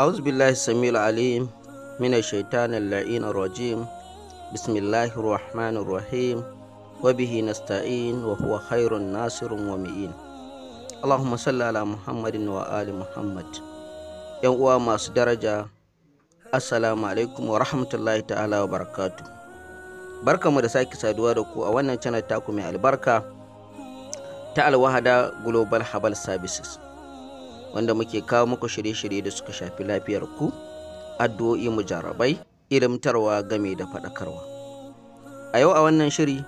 أعوذ بالله السميع العليم من الشيطان اللعين الرجيم بسم الله الرحمن الرحيم وبه نستعين وهو خير الناصر ومئين اللهم صل على محمد وآل محمد yan uwa masu daraja assalamu alaikum wa rahmatullahi ta'ala wa barakatu barkamu da sake saduwa da ku a wannan channel taku mai albarka ta alwahada global herbal services wanda muke kawo muku shirye-shirye da suka shafi lafiyar ku addu'o'i mujarrabai ilimtarwa game da faɗakarwa a yau a wannan shiri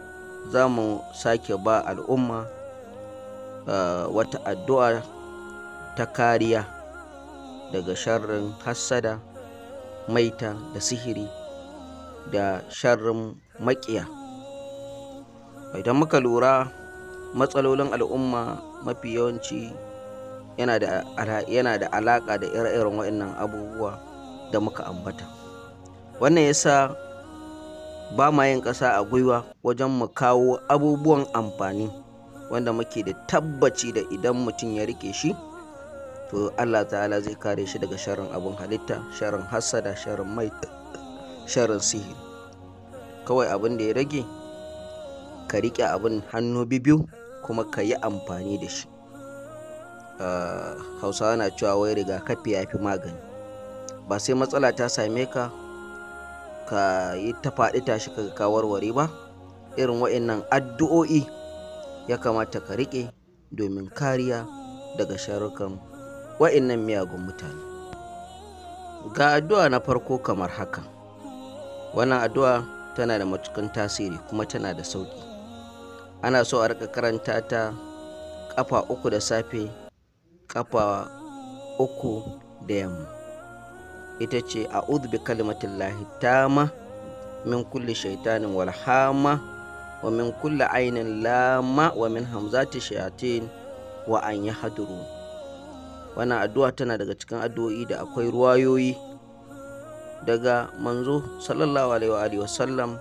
za mu sake ba al'umma uh, wata addu'a ta kariya daga sharrin hassada maita da sihiri da sharrin maƙiya idan muka lura matsalolin al'umma mafi yawanci yana da alaƙa da alaka ire-iren waɗannan abubuwa da muka ambata wannan yasa ba ma yin ƙasa a gwiwa wajen mu kawo abubuwan amfani wanda muke da tabbaci da idan mutum ya rike shi to Allah ta'ala zai kare shi daga sharin abin halitta sharin hassada sharin mai sharin sihiri kawai abin da ya rage ka rike abin hannu biyu kuma ka yi amfani da shi hausawa na cewa wai rigakafi ya fi magani ba sai matsala ta same ka ka yi ta faɗi tashi ka kawarware ba irin wa'annan addu'o'i ya kamata ka riƙe domin kariya daga sharukan wa'annan miyagun mutane ga addu'a na farko kamar haka wannan addu'a tana da matukan tasiri kuma tana da sauƙi ana so a rika karanta ta ƙafa uku da safe kafa uku da yamma ita ce a bi kalmatillahi lahitama min kulli shaitanin walhama wa min kulli ainin lama wa min hamzati shayatin wa an yi haduru wannan addu'a tana daga cikin addu'o'i da akwai ruwayoyi daga manzo sallallahu alaihi wa sallam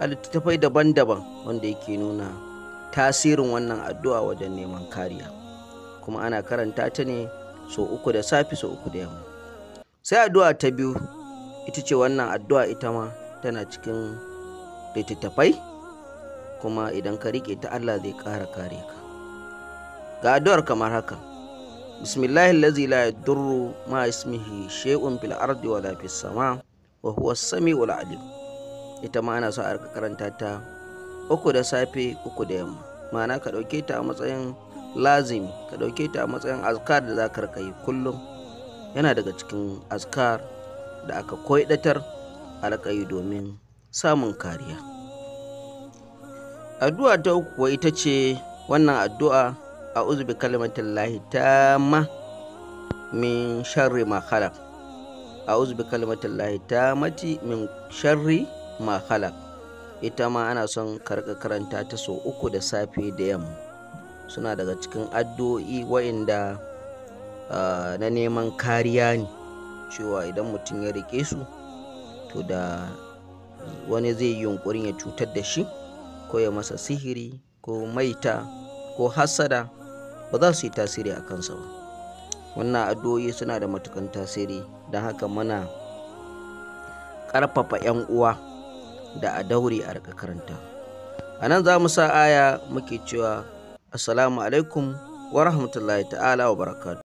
a littattafai daban-daban wanda yake nuna tasirin wannan addu'a wajen neman kariya. kuma ana karanta ta ne so uku da safi so uku da yamma sai addu'a ta biyu ita ce wannan addu'a ita ma tana cikin littattafai kuma idan ka riƙe ta Allah zai ƙara kare ka ga addu'ar kamar haka bismillahi allazi la yadurru ma ismihi shay'un fil ardi wala fis sama wa huwa as-sami'ul alim ita ma ana so a karanta ta uku da safe uku da yamma ma'ana ka ɗauke ta a matsayin lazimi ka ɗauke ta a matsayin azkar da za ka rika yi kullum yana daga cikin azkar da aka koidatar a domin samun kariya addu'a ta uku kuwa ita ce wannan addu'a a uzubi kalimatin lahi ta ma min sharri ma khalaq a uzubi kalimatin lahi mati min sharri ma khalaq ita ma ana son karka karanta ta sau uku da safe da yamma suna daga cikin addu'o'i wa'inda ah, na neman kariya ne cewa idan mutum ya rike su to da wani zai yi yunkurin ya cutar da shi ko ya masa sihiri ko maita ko hasada ba za su yi tasiri a kansa ba wannan addu'o'i suna da matukan tasiri don haka muna ƙarfafa 'yan uwa da a daure a karanta a nan za mu sa aya muke cewa Assalamu alaikum wa rahmatullahi ta'ala wa barakatu.